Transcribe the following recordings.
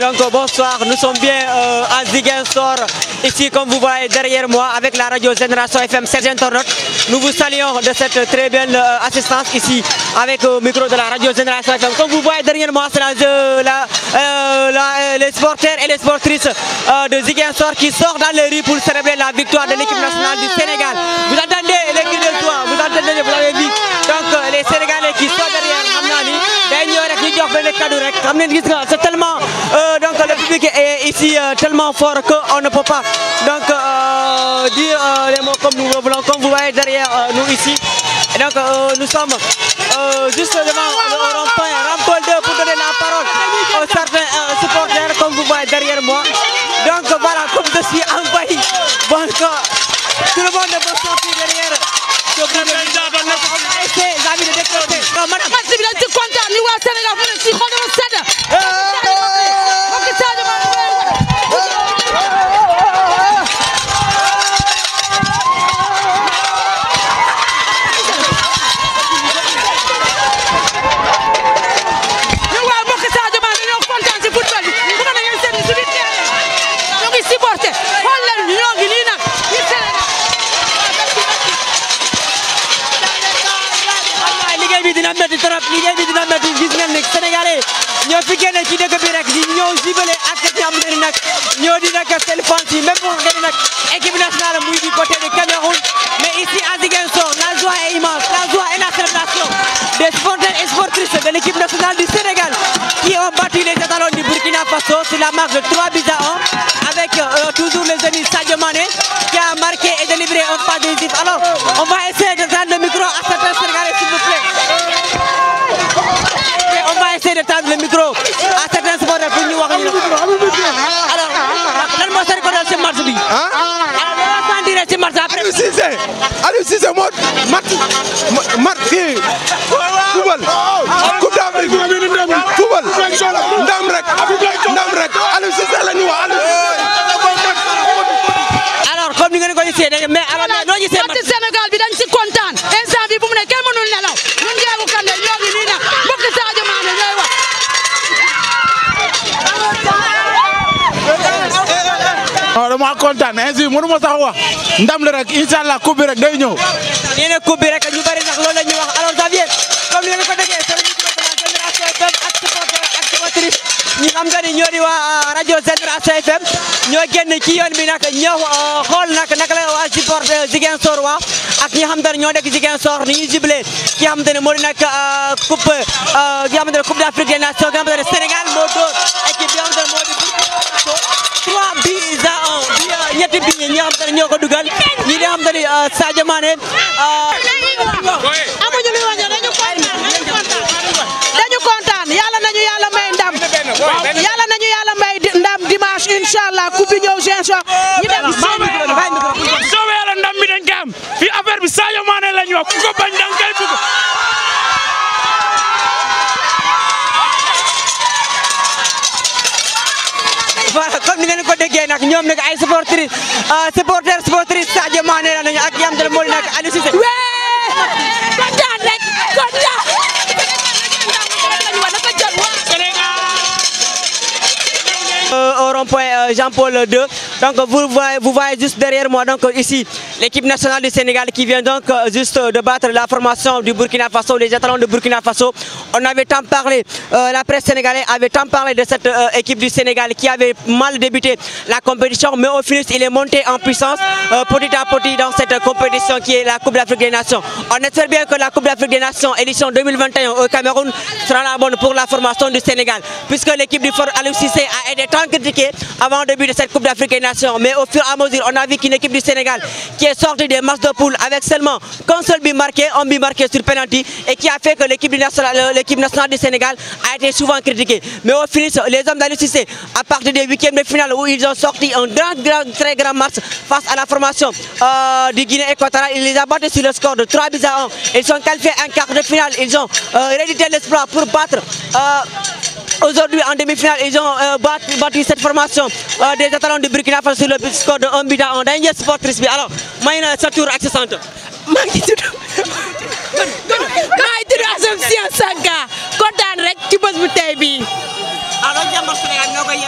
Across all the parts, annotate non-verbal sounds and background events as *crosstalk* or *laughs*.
donc bonsoir. Nous sommes bien à euh, à Ziguinchor, ici comme vous voyez derrière moi, avec la radio Génération FM Sergent Nous vous saluons de cette très belle euh, assistance ici, avec le euh, micro de la radio Génération FM. Comme vous voyez derrière moi, c'est la, les sporteurs et les sportrices de Ziguinchor qui sortent dans les rues pour célébrer la victoire de l'équipe nationale du Sénégal. Vous entendez les cris de joie, vous entendez, vous la Donc les Sénégalais qui sortent derrière c'est tellement euh, donc le public est ici euh, tellement fort qu'on ne peut pas donc euh, dire les mots comme nous voulons comme vous voyez derrière nous ici donc nous sommes juste devant le rond-point 2 pour donner la parole aux certains supporters comme vous voyez derrière moi donc voilà comme je suis envahi donc tout le monde va sortir derrière madame match bi dañ ci kontaan ni waa Sénégal mu ne ci xol dafa sedd nous disons que c'est le même bu nga l'équipe nationale muy du côté de Cameroun mais ici à Ziguinchor la joie est immense la joie est la célébration des sports et sportrices de l'équipe nationale du Sénégal qui ont battu les étalons du Burkina Faso sur la marque de 3 buts à 1 avec euh, toujours le jeune Sadio Mané qui a marqué et délivré un pas décisif alors on va essayer Aliou Cissé Aliou Cissé moo mat mat kii football coupe d'Afrique football ndam rek ndam rek Aliou Cissé la ñu wax Aliou Cissé alors comme ni ngeen ko gisee mais alors noo gisee mat Sénégal bi dañ ci ko damaa kontaan ainsi mënu ma sax wax ndam la rek incha allah coupe bi rek day ñëw. nee na coupe bi rek ñu bari sax loolu la ñuy wax alors Xavier comme ni nga ko déggee sëriñ bi ñu xam ñoo di waa euh, rajo Génération FM ñoo génn ci yoon bi nag ñëw euh, xool nag naka la waa support Ziguinchor waa ak ñi xam te ki nga xam te ne moo di nag euh, coupe ki nga xam te ne coupe d'Afrique des Nations nga xam te ne Sénégal moo dóor équipe bi nga xam moo di 3 ko dugal ñi nga xam ne euh, Sadio Mané euh, amuñu dañu kontaan dañu nañu yàlla may ndam yàlla nañu yàlla may ndam dimanche inshallah coupe bi ñëw Ziguinchor ñu dem soobee yàlla ndam bi dañ ko am fi affaire bi lañu wax bañ dang kay bugg comme ni ngeen ko déggee nag ñoom nag ay supportrices euh, supporters supportrices Sadio Mané la nañu ak yam dal moo di nag Aliou Cissé Jean-Paul II. Donc vous voyez, vous voyez juste derrière moi donc ici l'équipe nationale du Sénégal qui vient donc euh, juste euh, de battre la formation du Burkina Faso, les étalons de Burkina Faso. On avait tant parlé, euh, la presse sénégalaise avait tant parlé de cette équipe du Sénégal qui avait mal débuté la compétition, mais au final il est monté en puissance petit à petit dans cette compétition qui est la Coupe d'Afrique des Nations. On espère bien que la Coupe d'Afrique des Nations édition 2021 au Cameroun sera la bonne pour la formation du Sénégal, puisque l'équipe du Fort Alou a été tant critiquée avant début de cette Coupe d'Afrique des Nations. Mais au fur et à mesure, on a vu qu'une équipe du Sénégal qui est sortie des matchs de poule avec seulement qu'un seul but marqué, un but marqué sur penalty et qui a fait que l'équipe nationale, euh, nationale, du Sénégal a été souvent critiquée. Mais au final, les hommes Cissé, à partir des huitièmes de finale où ils ont sorti un grand, très grand match face à la formation euh, du Guinée équatoriale, ils les ont battus sur le score de 3 buts à 1. Ils sont qualifiés un quart de finale. Ils ont euh, réédité l'espoir pour battre... Euh, Aujourd'hui, en demi-finale, ils ont euh, battu, battu, cette formation euh, des Catalans du Burkina Faso sur le score de 1 but à 1. sport triste. alors, Maïna Satour, accessante. Magnitude. Magnitude Assumption Content Alors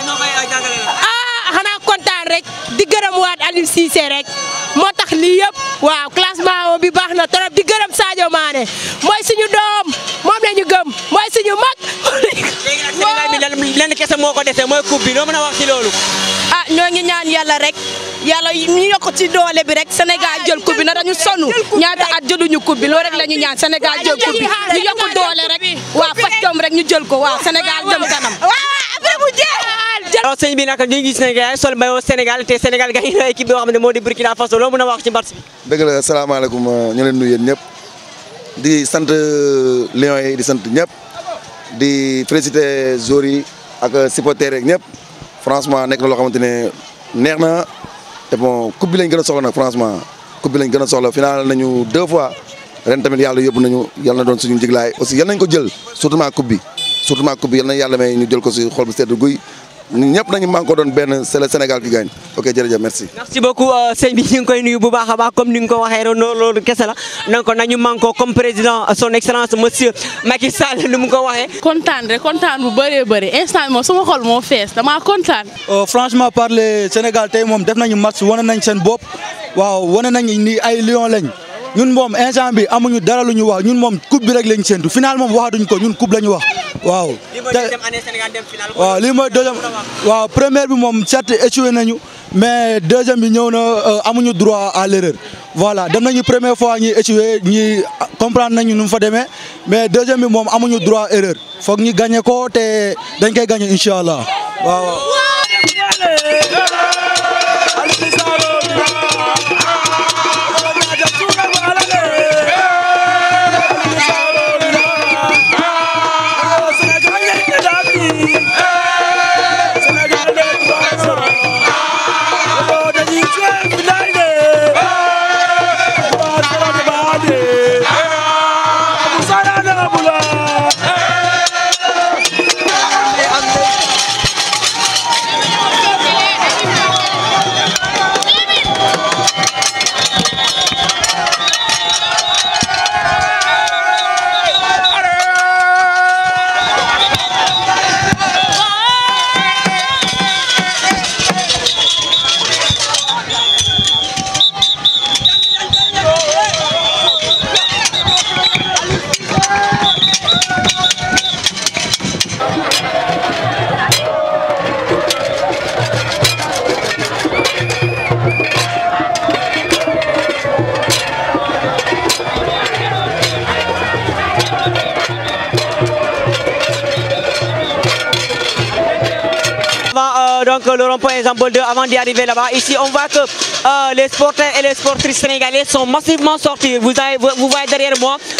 Ah, uh, ah xana content rek di gërëm waat Aliou Cissé rek. moo tax lii yëpp waaw classement bi baax Mané lenn kese moo ko dese mooy coupe bi noo mën a wax ci loolu. ah ñoo ngi ñaan yàlla rek yàlla ñu yokk ci doole bi rek Sénégal ah, jël coupe bi na dañu sonn ñaata at jëluñu coupe bi loolu rek la ñu ñaan Sénégal jël coupe bi ñu yokk doole rek waaw fàttewoom rek ñu jël ko waaw Sénégal jëm kanam. waaw sëñ bi nag ñu gis ne sol maillot Sénégal te Sénégal gagné na équipe boo xam ne moo di Burkina Faso loo mën a wax ci match bi. dëgg la salaamaaleykum euh, ñu leen nuyu yéen di sant euh, Lions yi di sant ñëpp di féliciter joueurs yi ak euh, supporter rek ñëpp franchement nekk na loo xamante ne neex na te bon coupe bi lañ gën a soxla nag franchement coupe bi lañ gën a soxla final nañu deux fois ren tamit yàlla yóbbu nañu yàlla doon suñu njiglaay aussi yal nañ ko jël surtout coupe bi surtout coupe bi yal na yàlla may ñu jël ko si xol bu sedd guy ñun ñëpp nañu maa ngi doon benn c'est le Sénégal qui gagne ok jërëjëf merci. merci beaucoup euh, sëñ bi ñu ngi koy nuyu bu baax a baax comme ni nga ko waxee noonu loolu kese la donc nañu manko comme président son excellence monsieur Macky Sall ni mu kontaan rek kontaan bu bëree bëri instant moom sama xol moo fees damaa kontaan. Euh, franchement parler Sénégal tey moom def nañu match wane nañ seen bopp waaw wane nañ ni ay lion lañ. ñun moom instant bi amuñu dara ñu wax ñun moom coupe bi rek lañ séntu final moom waxatuñ ko ñun coupe la ñu wax waaw. waaw lii mooy deuxième waaw première bi moom certes échoué nañu mais deuxième bi ñëw na euh, amuñu droit à l'erreur voilà dem nañu première fois ñuy échoué ñi comprendre nañu nu mu fa demee mais deuxième bi moom amuñu droit erreur foog ñu gagné ko te dañ koy gagné incha allah waaw. avant d'y arriver là-bas. Ici, on voit que euh, les sportifs et les sportrices sénégalais sont massivement sortis. vous voyez derrière moi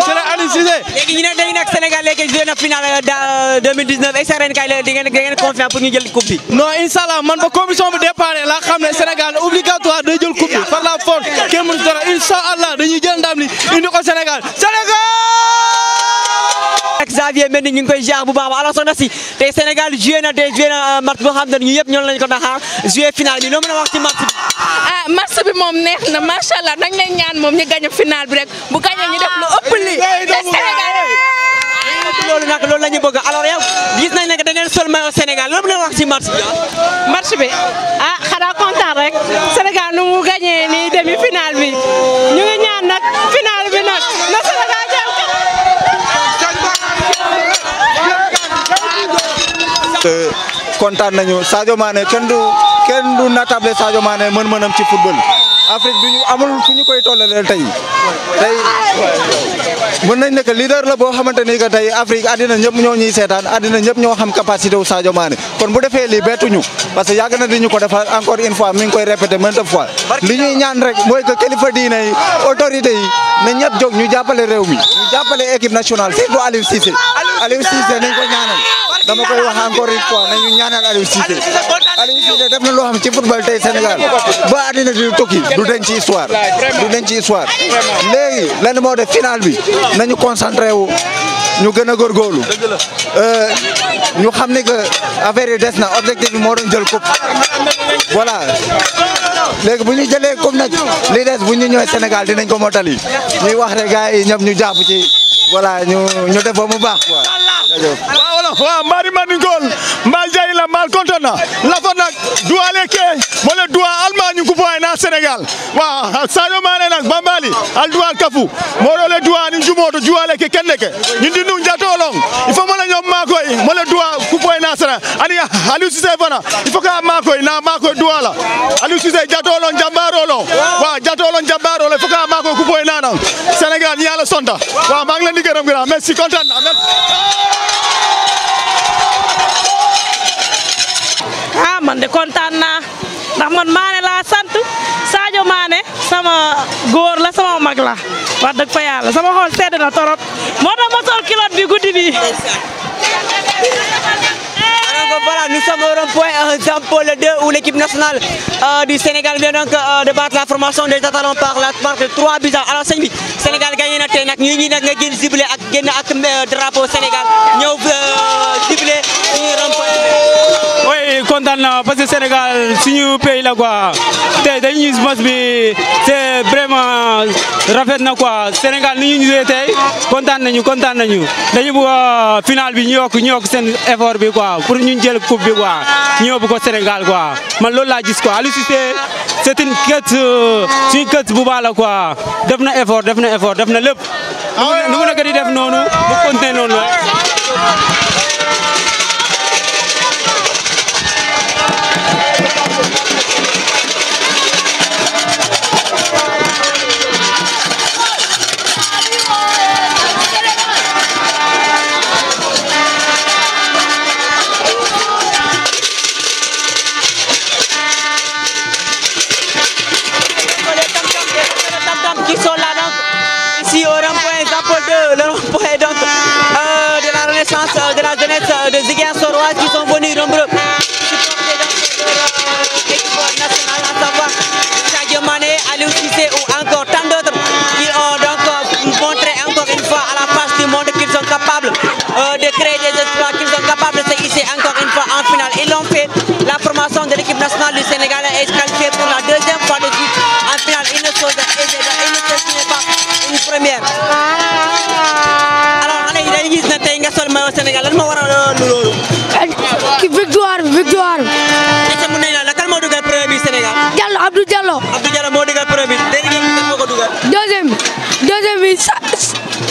ci la Aliou Cissé léegi ñu ne dañu nekk Sénégal léegi joué na final 2019 euh, est-ce que ren kay la di ngeen di ngeen confiant pour ñu jël coupe bi inshallah man ba commission bi départ la xam ne Sénégal obligatoire day jël coupe par la force kenn mënu dara inshallah dañuy jël ndam li indi ko Sénégal Sénégal Xavier mel ñu ngi koy jaar bu baax ba alors soxna si tey Sénégal joué na tey joué na euh, match boo xam ne ñu yëpp ñoom lañ ko daxaar joué final bi loo mën a wax ci match bi ah match moom neex na macha allah nañ leen ñaan moom ñu gañ final bi rek bu gañee ñu def lu ëpp lii loolu nag loolu la ñu bëgg alors yow gis nañ ne da ngeen sol maillot Sénégal loolu mën a wax bi match bi ah xanaa kontaan rek Sénégal nu mu gañee nii demi final bi kontaan nañu saajo Mané kenn du kenn du natable Sadio Mané mën-mënam ci football Afrique bi ñu amul fu ñu koy tollaleel tey tey mën nañ ne que leader la boo xamante ni que tey Afrique àddina ñëpp ñoo ñuy seetaan àddina ñëpp ñoo xam capacité wu Sadio Mané kon bu defee lii bettuñu parce que yàgg na di ñu ko defal encore une fois mi ngi koy répété maintes fois li ñuy ñaan rek mooy que kilifa diine yi autorités yi na ñëpp jóg ñu jàppale réew mi ñu jàppale équipe nationale surtout Aliou Cissé Aliou Cissé nañ ko ñaanal dama koy wax encore une fois nañu ñaanal Aliou Cissé Aliou Cissé def loo xam ci football tey Sénégal ba àddina di tukki du denc ci histoire du denc ci histoire léegi lenn moo def final bi nañu concentré wu ñu gën a góorgóorlu euh, ñu xam ne que yi des na objectif bi moo doon jël coupe voilà léegi bu ñu jëlee coupe nag li des bu ñu ñëwee Sénégal dinañ ko motali ñuy wax rek gars yi ñoom ñu jàpp ci voilà ñu ñu def ba mu baax quoi. waaw wala waaw mbaari mbaari ngol mbaal jayi la mbaal kontaan na lafa nak duwa leke mole duwa almañu kupo na sénégal waaw sadio mané nak bambali al duwa kafu moɗo le duwa ni jumoto duwa leke kende ke ñin di nu jato long il faut mole ñom makoy mole duwa kupo ay na sénégal ani aliou cissé fana il faut ka makoy na makoy duwa la aliou cissé jato long jambaro long waaw jato long jambaro long il faut ka makoy kupo ay na sénégal ni yalla sonta waaw ma ngi leen di gërëm grand merci kontaan merci man de kontaan na ndax man Mané la sante Sadio Mané sama gor la sama mag la wa dëgg fa yalla sama xol sédé na torop moo tax ma sol kilote bi goudi bi. voilà, nous sommes au rond-point euh, pour le 2 où l'équipe nationale euh, du Sénégal vient donc euh, de battre la formation des Tatalons par la marque 3 buts à l'enseigne. Le Sénégal gagne na tay nak ñi ñi nak nga gën ciblé ak gën ak euh, drapeau Sénégal ñeu ciblé ñu rond-point kontaan na parce que Sénégal suñu pays la quoi te dañu gis match bi c'est vraiment rafet na quoi Sénégal ni ñu ñëwee tey kontaan nañu kontaan nañu dañu bëgg final bi ñu yokk ñu yokk seen effort bi quoi pour ñu jël coupe bi quoi ñu yóbbu ko Sénégal quoi man loolu laa gis quoi Aliou Cissé c'est une quête euh, suñu quête bu baax la quoi def na effort def na effort def na lépp ah nu mu nekk di def noonu bu continuer noonu la ah ah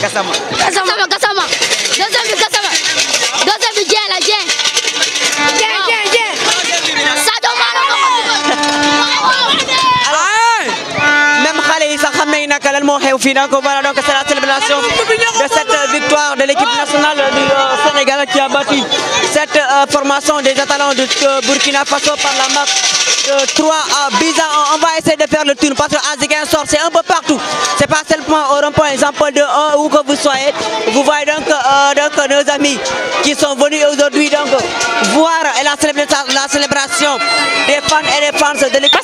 Gassama. Gassama, Gassama. Deuxième but, Gassama. Deuxième but, Dien, là, Dien. Dien, Dien, Dien. Sadomano. Même Khalé, ça ramène Nakalal Mohé au final. Voilà donc c'est la célébration de cette victoire de l'équipe nationale du. formation des talents de euh, Burkina Faso par la marque 3 à Biza. On, va essayer de faire le tour parce que sort, c'est un peu partout. C'est pas seulement au rond-point, exemple de 1 où que vous soyez. Vous voyez euh, donc, nos amis qui sont venus aujourd'hui donc voir la, célébration, la célébration des fans et des fans de l'équipe.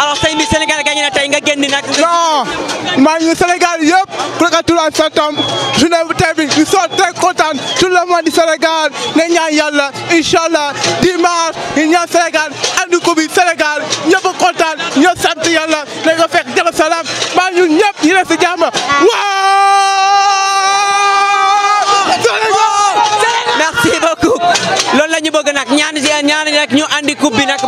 alors sëñ bi Sénégal gagné na tey nga génn nag. non maa ngi Sénégal yëpp ku nekk tur ak sa bu tey bi ñu soo très content tout le Sénégal ne ñaan yàlla incha allah dimanche ñaan Sénégal andi ko Sénégal ñëpp a kontaan ñoo sant yàlla nañ ko fekk jàmm salaam ñu ñëpp ñu ne si jàmm merci beaucoup loolu ñu bëgg nag ñaan ñu andi coupe bi nag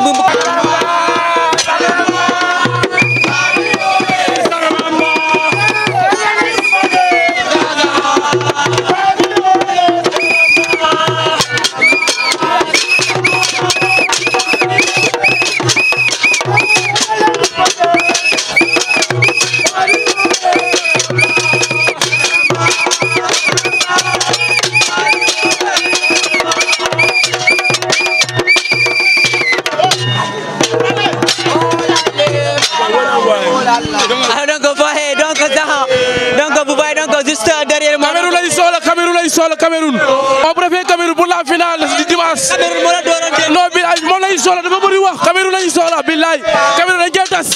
Cameroun moo la doorante ah, non bilaay moom la ñuy wax Cameroun la ñuy soxla bilaay Cameroun dañ koy tas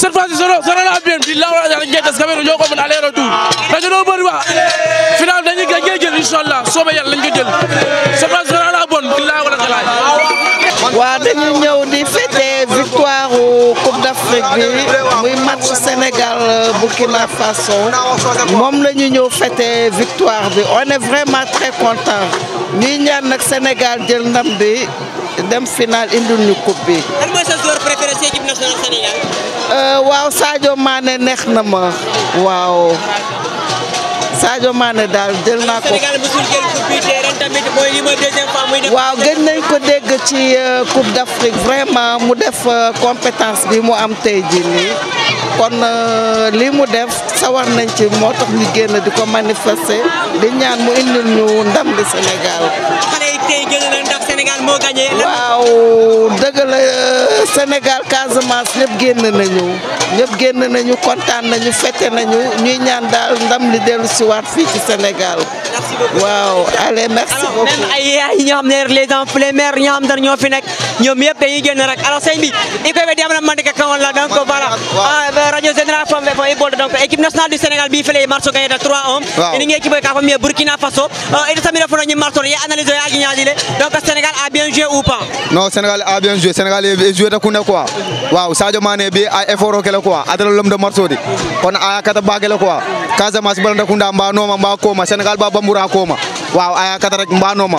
cette fois ci sono dañu doo bëri wax final dañuy gañ koy soobee yàlla lañ ko jël cette fois sono la bonne bilaay oui muy match Sénégal euh, Burkina Faso moom la ñu ñëw fêter victoire on est vraiment très content ñuy ñaan Sénégal jël ndam bi dem final indil ñu coupe bi. lan mooy sa joueur préféré ci l'équipe nationale Sénégal. Euh, waaw Sadio Mané neex na ma waaw. Sadio Mané daal jël naa ko. waaw gën nañ ko dégg ci euh, Coupe d'Afrique vraiment mu def euh, compétence bi mu am tey jii nii kon euh, li mu def sawar nañ ci moo tax ñu génn di ko manifester di ñaan mu indil ñu ndam bi Sénégal. moo gagné. waaw dëgg la euh, Sénégal Casamance ñëpp génn nañu ñëpp génn nañu kontaan nañu fete nañu ñuy ñaan daal ndam li dellu si waat fii ci Sénégal. waaw allez merci beaucoup. ay yaay ñoo xam ne les enfants les mères ñoo xam ne ñoo fi nekk. ñoom yëpp dañuy génn rek alors sëñ bi i koy ɓe diyamna mandika kaon la donc voilà ah, euh, radio général fam fo i bolde donc équipe nationale du sénégal mbi fele marso gayeta 3 1 ini ngi équipe ka fo mi burkina faso euh, ita samira fono ñi marso ye analyse ya ñaadi le donc sénégal a bien joué ou pas sénégal a bien sénégal e joué ta kune quoi waaw sadio mané bi a effort kele quoi adala lom de marso di kon a aya kata rek mba noma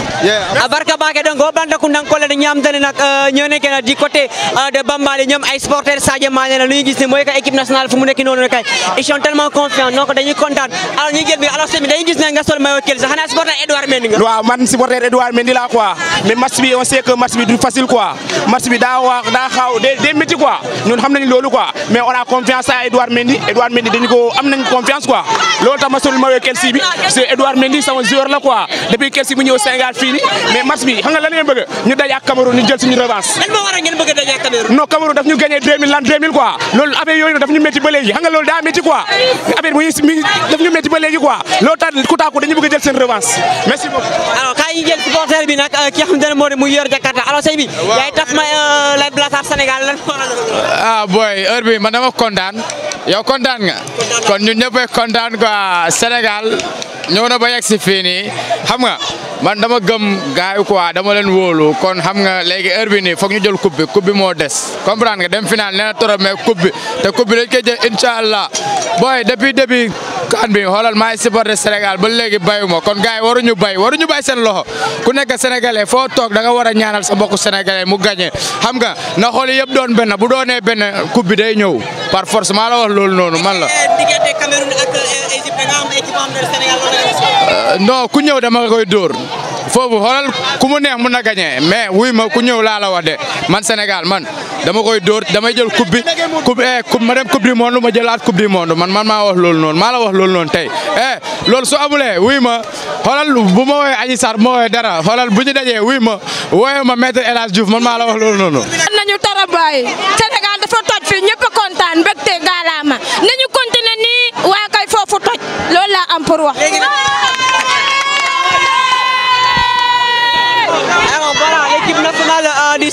abarka ah, bake ɗo goɓantakundan kolle ɗo ñamtani nak ah, ñone kene du côté ah, de bambali ñoom ay sporteur sadio mané la lu ni mooy que équipe nationale fu mu nekk noonu kay ils sont tellement confiants donc dañuy kontaan alors ñu jël bi alors gis ne nga sol maillot Kelsey xanaa supporter Edouard Mendy nga waaw man supporter Edouard Mendy la quoi mais match bi on sait que match bi du ko am nañ confiance quoi loolu tax sol maillot Kelsey bi c'est Edouard nii nii mais match bi xam nga lan ngeen bëgg ñu daj ak Cameroun ñu jël suñu revanche. lan moo waral ngeen bëgg a daj ak Cameroun. non Cameroun daf ñu gagné 2000 lan ñu métti ba léegi xam nga loolu daa métti ku dañu bëgg a jël seen revanche merci beaucoup. alors kaay bi euh, ki nga xam ne moo Jakarta alors sëñ bi. Ah, yaay tas ma euh, lay blasaar ah, boy heure bi man dama kontaan yow nga. kon ñun ñëpp kontaan quoi Sénégal ñëw na ba yegg si fii nii nga man dama gëm gars yi quoi dama leen wóolu kon xam nga léegi heure bi foog ñu jël coupe bi bi moo des comprendre nga dem final nee na trop mais coupe bi te coupe bi dañ koy allah booy depuis début. kan bi xoolal maay supporter Sénégal ba léegi bayuma kon gars yi waruñu bay waruñu bay seen loxo a sa mbokku sénégalais mu gagné xam nga na xool yëpp doon benn bu doonee benn coupe bi day ñëw par force maa la wax loolu noonu man la. Eh, diggante Cameroun ak eh, eh, ku ñëw dama koy dóor. foofu xoolal ku mu neex mun na gagné mais wuy ma ku ñëw laa la wax de man Sénégal man dama koy dóor damay jël coupe ma dem coupe du ma jëlaat coupe du monde man maa wax loolu noonu maa la wax loolu noonu tey eh loolu su amulee wuy ma xoolal bu ma woowee Adji Sarr bu ma woowee dara xoolal bu ñu dajee wuy ma woowee ma maître El Hadj Diouf man maa la wax loolu noonu. am nañu tara baay Sénégal dafa toj fii ñëpp kontaan mbégte gaalaama nañu continuer nii waaye kay foofu toj loolu laa am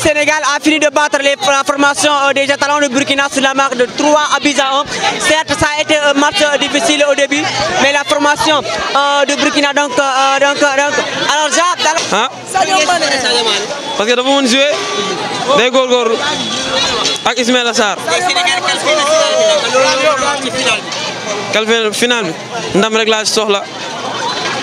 Sénégal a fini de battre les, la formation euh, des Talents de Burkina sur la marque de 3 à 1. Certes, ça a été un match euh, difficile au début, mais la formation euh, de Burkina, donc, donc, donc alors Jacques, ah. parce que vous mën jouez. day góorgóorlu avec Ismaël Sarr. Sénégal qualifié Quelle final le final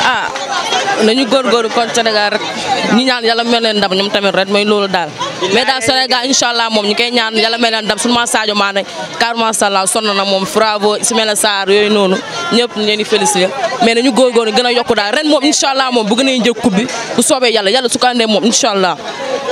ah nañu góorgóorlu kon Sénégal rek ñu ñaan yàlla mel leen ndam ñoom tamit rek mooy loolu daal. mais daal Sénégal incha allah moom ñu koy ñaan yàlla mel leen ndam sunu ma Sadio Mané car macha allah sonn na moom bravo Ismaïla Sarr yooyu noonu ñëpp ñu leen di félicité mais nañu góorgóorlu gën a yokku daal ren moom incha allah moom bëgg nañu jël coupe soobee yàlla yàlla su moom incha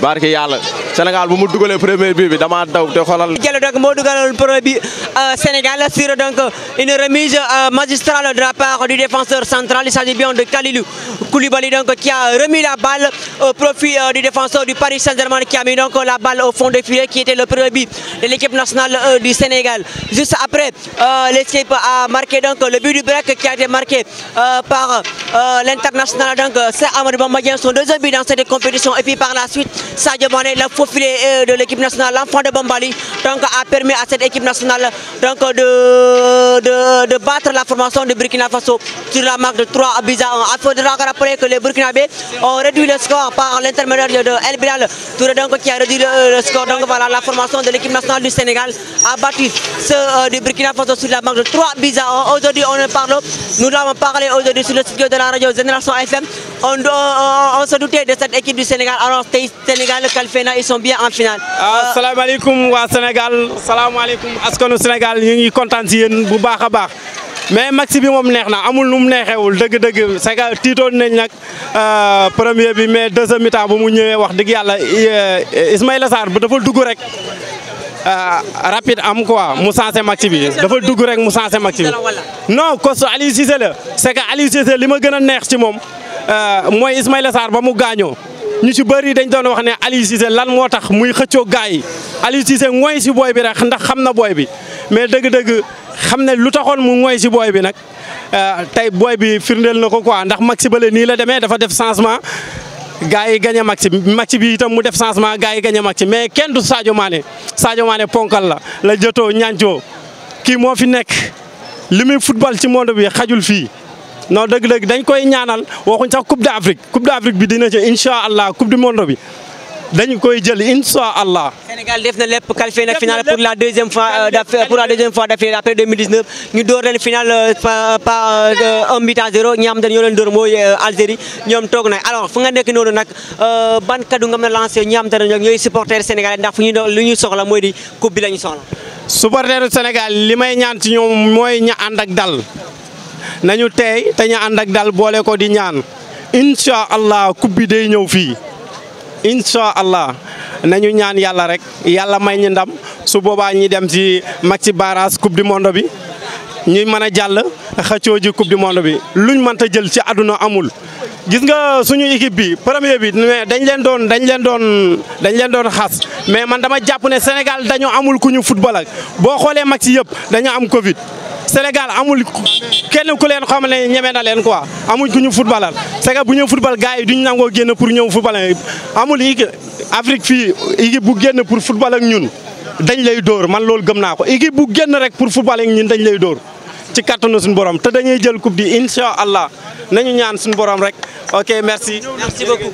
barke Sénégal bu mu premier euh, Sénégal sur une remise euh, magistrale de la part du défenseur central il s'agit bien de Kalilou Koulibaly donc qui a remis la balle au profit euh, du défenseur du Paris Saint-Germain qui a mis donc la balle au fond des filets, qui était le premier but de l'équipe nationale du Sénégal. Juste après, l'équipe a marqué donc le but du break qui a été marqué par l'international donc c'est Amadou Bamba son deuxième but dans cette compétition et puis par la suite Sadio Mané, le faux euh, de l'équipe nationale, l'enfant de Bambali, donc, a permis à cette équipe nationale de, battre la formation de Burkina Faso sur la marque de 3 à 1. Il faudra rappeler que les Burkinabés ont réduit le score par l'intermédiaire de El Bilal qui a réduit le, score. Donc voilà, la formation de l'équipe nationale du Sénégal a battu ceux euh, du Burkina Faso sur la marque de 3 à 1. Aujourd'hui, on en parle, nous l'avons parler aujourd'hui sur le site de la radio Génération FM. On, on, se doutait de cette équipe du Sénégal. Alors, c'était Sénégal qualifié na ils sont bien en finale. asalaamaaleykum ah, waa Sénégal salaamaaleykum askanu Sénégal ñu kontaan si yéen bu baax a baax. mais maxi bi moom neex na amul nu mu neexewul dëgg-dëgg c'est que nañ nag euh, premier bi mais deuxième mi-temps mu ñëwee wax dëgg yàlla euh, Ismaïla saar bu dafa dugg rek euh, rapide am quoi mu sensé maxi bi dafa dugg rek mu sensé maxi bi non cos Aliou Cissé la c'est que li ma gën a neex ci moom mooy Ismaïla saar ba mu gaañoo ñu ci bëri dañ doon wax ne Aliou Cissé lan moo tax muy xëccoo gars yi Aliou Cissé mooy si booy bi rek ndax xam na booy bi mais dëgg-dëgg xam ne lu taxoon mu mooy si booy bi nag euh, tey booy bi firndeel na ko quoi ndax Maxi Bale nii la demee dafa def changement gars yi gañ a Maxi Maxi bi itam mu def changement gars yi gañ a Maxi mais kenn du Sadio maane saajo maane ponkal la la jotoo ñancoo kii moo fi nekk li muy football ci monde bi xajul fii. non dëgg-dëgg dañ koy ñaanal waxuñ sax coupe d'Afrique coupe d'Afrique bi dina ci incha allah coupe du monde bi dañu koy jël incha allah. Sénégal def na lépp qualifié na finale pour la deuxième fois euh, pour la deuxième fois d'affilée après 2019 ñu door leen finale euh, par euh, leen door mooy Algérie ñoom toog na alors fu nga nekk noonu nag ban kaddu nga mën a lancé ñi xam ne ñooy supporter sénégalais ndax fu ñuy li ñuy soxla mooy di coupe bi la ñu soxla. supporteru Sénégal li may ñaan ci ñoom mooy ña ànd ak dal. nañu teey te ñu ànd ak dal boole ko di ñaan incha allah coupe bi day ñëw fii incha allah nañu ñaan yàlla rek yàlla may ñu ndam su boobaa ñi dem si match barrage coupe du monde bi. ñuy mën a jàll xëccoo ji coupe du monde bi luñ mënta jël ci àdduna amul. gis nga suñu équipe bi premier bi mais dañ leen doon dañ leen doon dañ leen doon xas mais man dama jàpp ne Sénégal dañoo amul ku ñu football boo xoolee mag ci yëpp dañoo am Covid. senegal amul kenn ku leen xam ne ñeme na leen quoi amul ku ñu footballal c'est bu ñëw football gars yi duñ nangoo génn pour ñëw football amul équipe Afrique fii équipe bu génn pour football ak ñun dañ lay dóor man loolu gëm naa ko équipe bu génn rek pour football ñun dañ lay dóor. ci kattanu suñu borom te dañuy jël coupe bi inshallah nañu ñaan suñu borom rek ok merci. merci beaucoup.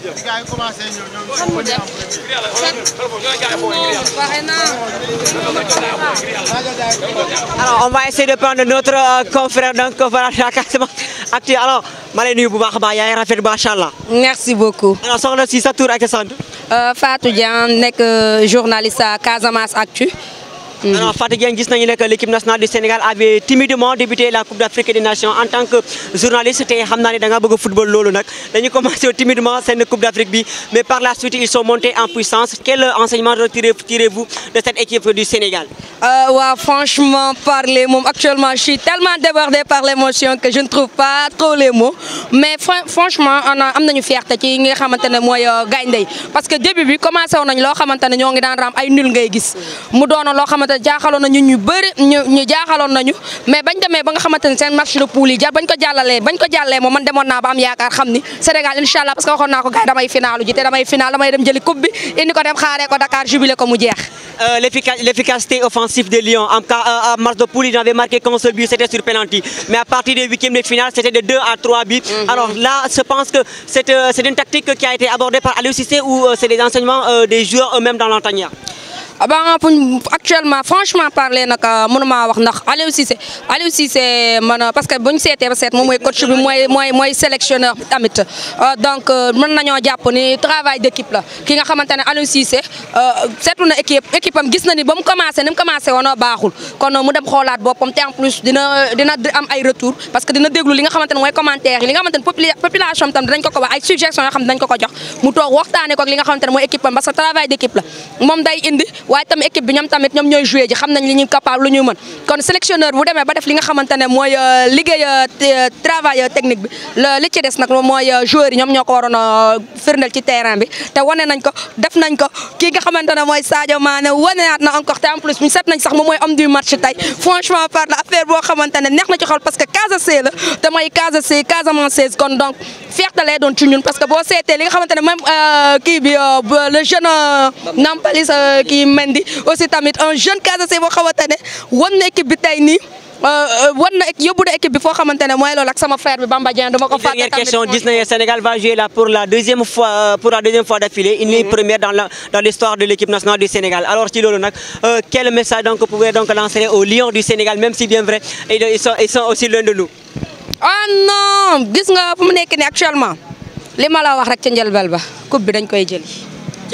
alors on va essayer de prendre notre euh, confrère donc euh, voilà actuellement alors ma nuyu bu baax a yaay rafet machallah merci beaucoup. alors soxna si sa tour ak euh, Fatou Diagne nekk euh, journaliste à Casamance Actu. Alors, l'équipe nationale du Sénégal avait timidement débuté la Coupe d'Afrique des Nations. En tant que journaliste, le football. commencé *laughs* timidement cette Coupe d'Afrique, mais par la suite, ils sont montés en puissance. Quel enseignement retirez-vous de cette équipe du Sénégal euh, Franchement, parler, actuellement, je suis tellement débordé par l'émotion que je ne trouve pas trop les mots. Mais franchement, on a que fierté euh, Parce que début, commencé, on a nul mais de poule que l'efficacité offensive de Lyon en cas match de poule j'avais euh, euh, marqué qu'un seul but c'était sur penalty mais à partir des huitièmes de finale c'était de 2 à 3 buts. Mhm. alors là je pense que euh, c'est une tactique qui a été abordée par Aliou ou c'est des enseignements des joueurs eux-mêmes dans l'antenne avant ah bah, actuellement franchement parler nag mënumaa wax ndax Aliou Cissé Aliou Cissé man parce que buñ sété seetee ba seet moom mooy coach bi moy moy moy sélectionneur bi tamit euh, donc euh, mën nañu japp ni travail d'équipe la ki nga xamante ne Aliou Cissé euh, seetlu na équipe équipe am gis na ni bam commencé ni commencé wono baxul kon mu dem xolaat bopam té en plus dina dina am ay retour parce que dina déglu li nga xamante ne mooy commentaire li nga xamante population tam dañ ko ko wax ay suggestions yoo xam dañ ko ko jox mu tok waxtane ko li nga xamante moy équipe am parce que travail d'équipe la mom day indi waaye tamit équipe bi ñoom tamit ñoom ñooy joué ji xam nañ li ñu capable lu ñuy mën kon sélectionneur bu demee ba def euh, liggéey euh, travail technique bi li ci des nag mooy euh, joueurs yi ñoom ñoo ko waroon a ci terrain bi te wane nañ ko def nañ ko kii nga xamante ne mooy Sadio Mané wanenaat na encore te en plus ñu seet nañ sax moom mooy homme du match tey franchement par la affaire boo xamante ne neex na ci xol parce que Casa C la te mooy Casa C Casamance ñun parce que boo seetee li nga xamante ne même kii kii Mendy aussi tamit un jeune Casassé c'est xamante ne wan équipe bi tey nii euh, euh, wan yobou équipe bi fo xamante moy mooy ak sama frère bi Bamba Dieng dama ko fàtte. dernière question disney nañu Sénégal va jouer là pour la deuxième fois euh, pour la deuxième fois d'affilée une ligne mm-hmm. première dans la dans l'histoire de l'équipe nationale du Sénégal alors ci loolu nag quel message donc pouvez donc lancer aux Lions du Sénégal même si bien vrai ils sont ils sont aussi l'un de nous. ah non gis nga fu mu ni actuellement li mala wax rek ca bel ba coupe bi dañ koy jël.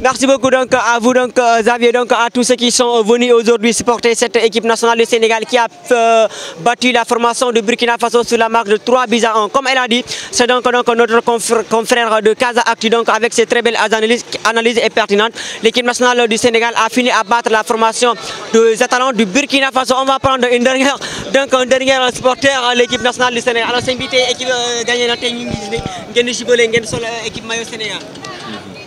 Merci beaucoup donc à vous, donc, euh, Xavier, donc à tous ceux qui sont venus aujourd'hui supporter cette équipe nationale du Sénégal qui a euh, battu la formation de Burkina Faso sur la marque de 3 buts à 1. Comme elle a dit, c'est donc, notre confrère de Casa Actu donc, avec ses très belles analyses, et pertinentes. L'équipe nationale du Sénégal a fini à battre la formation des talents du Burkina Faso. On va prendre une dernière, donc, un dernier supporter à l'équipe nationale du Sénégal. Alors c'est invité, équipe gagnante, équipe maillot Sénégal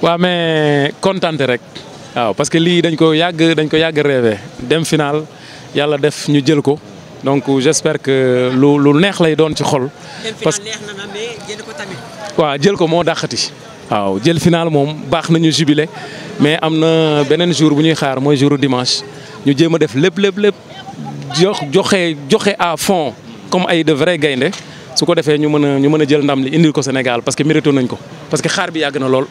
wa mais content rek ah parce que li dañ ko yag dañ ko yag rêvé dem final yalla def ñu jël ko donc j'espère que lu lu neex lay doon ci xol. parce que neex na mais jël ko tamit. wa jël ko mo dàqati. waaw jël final moom baax nañu jubilé mais amna benen jour bu ñuy xaar jour jouru dimanche ñu jéem def lepp lepp lepp jox joxé à fond comme ay de vrai gaynde su ko defee ñu mëna ñu mëna jël ndam li indil ko Sénégal parce que mérito nañ ko parce que xaar bi yag na lool.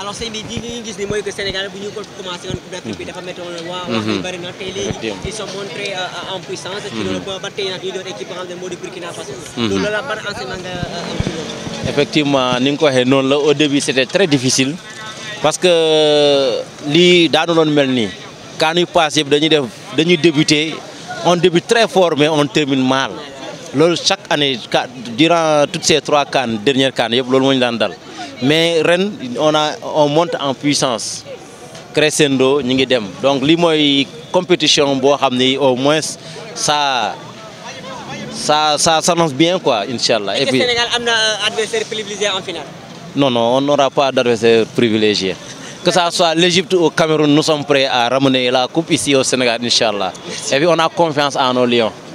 alors c'est midi li ñuy gis ni moy que Sénégal bu ñu ko commencé on coupe d'Afrique bi dafa méttoon wa wax yu bari na tey léegi ils sont montrés en puissance ci le point tey nak ñu do équipe xam ne moo di Burkina Faso loolu la ban enseignement nga am ci loolu effectivement ni ngi ko waxé non la au début c'était très difficile parce que li daanu doon mel nii kaan yu passe yëpp dañuy def dañuy débuter on débute très fort mais on termine mal lolu chaque année durant toutes ces trois cannes dernière CAN yeb lolu moñ ñu dal mais Rennes, on a on monte en puissance crescendo nous. donc li compétition au moins ça ça ça s'annonce bien quoi Inch'Allah. que et puis Sénégal a un euh, adversaire privilégié en finale. non non on n'aura pas d'adversaire privilégié. que ce soit l'Égypte ou le Cameroun, nous sommes prêts à ramener la coupe ici au Sénégal, Inch'Allah. Et puis on a confiance en nos lions.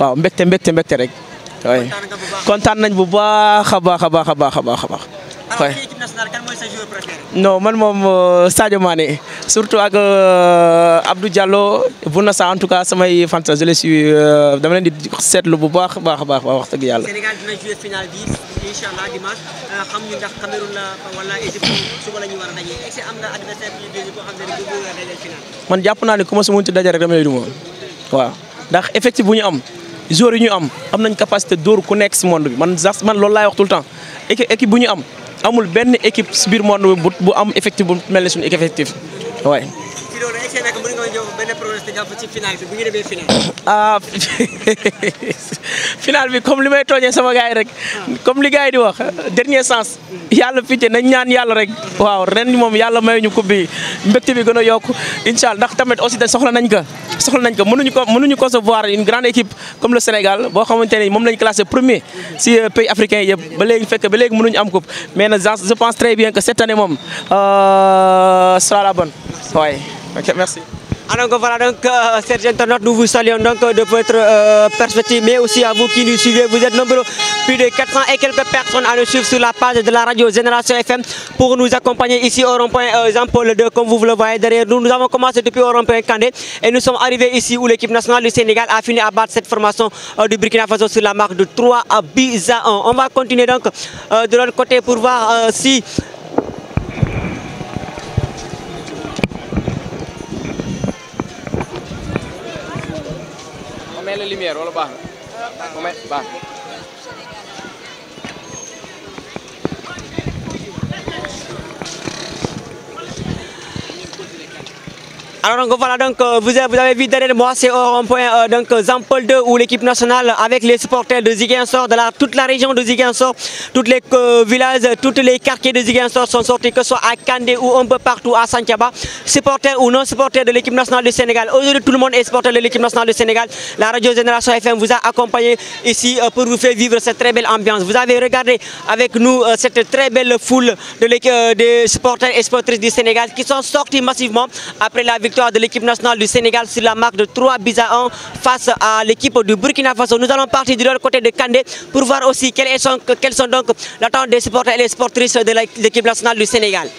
waaw mbégte mbégte mbégte rek. waaye kontaan nañ bu baakha baakha baakha baakha baakha baakha baax a kan non man mom euh, Sadio Mané surtout ak euh, Abdou Diallo bu na sa en tout cas samay fantasy je les suis euh, dama len di setlu bu baakha baakha baakha wax dëgg yalla Sénégal dina jouer final bi inchallah dimanche xam ñu ndax Cameroun la wala Égypte suba lañu wara war a amna adversaire plus dëgg ko xam dañu ko war final. man japp na ne ku ma su rek dama lay duma waaw ndax effectif bu ñu am. joueurs yi ñu am am nañ capacité dóor ku nekk si monde bi man sax man loolu laay wax tout le temps équipe bu ñu am amul benn équipe si biir monde bi bu am effectif bu mel ne suñu effectif waay benn pronostic nga am bi bu ah, *laughs* comme li may tooñee sama gars yi rek. comme li gars di wax dernier sens. yàlla fii nañ ñaan yàlla rek. waaw ren moom yàlla mayuñu coupe bi mbégte bi gën a yokk incha allah ndax tamit aussi soxla nañ ko. soxla nañ ko mënuñu ko mënuñu concevoir une grande équipe comme le Sénégal boo xamante ne moom lañ classé premier si euh, pays africain yëpp ba léegi fekk ba léegi mënuñu am coupe mais nag je pense très bien que cette année moom euh, sera la Alors voilà donc, Serge euh, nous vous saluons donc de votre euh, perspective, mais aussi à vous qui nous suivez. Vous êtes nombreux, plus de 400 et quelques personnes à nous suivre sur la page de la radio Génération FM pour nous accompagner ici au rond-point euh, Jean-Paul II, comme vous le voyez derrière nous. Nous avons commencé depuis au rond-point Candé et nous sommes arrivés ici où l'équipe nationale du Sénégal a fini à battre cette formation du Burkina Faso sur la marque de 3 à 1. On va continuer donc de l'autre côté pour voir si Olha ali, Mero, olha o barman. Como é? Barman. Alors voilà, donc, euh, vous, avez, vu derrière moi, c'est au point euh, donc Zampol 2 où l'équipe nationale avec les supporters de Ziguinchor, de la, toute la région de Ziguinchor, toutes les euh, villages, tous les quartiers de Ziguinchor sont sortis, que ce soit à Kandé ou un peu partout à Santiaba, supporters ou non supporters de l'équipe nationale du Sénégal. Aujourd'hui tout le monde est supporter de l'équipe nationale du Sénégal. La radio Génération FM vous a accompagné ici pour vous faire vivre cette très belle ambiance. Vous avez regardé avec nous cette très belle foule de des supporters et sportrices du Sénégal qui sont sortis massivement après la victoire de l'équipe nationale du Sénégal sur la marque de 3 bis à 1 face à l'équipe du Burkina Faso. Nous allons partir du côté de Kandé pour voir aussi quelles sont, quelles sont donc l'attente des supporters et les sportrices de l'équipe nationale du Sénégal.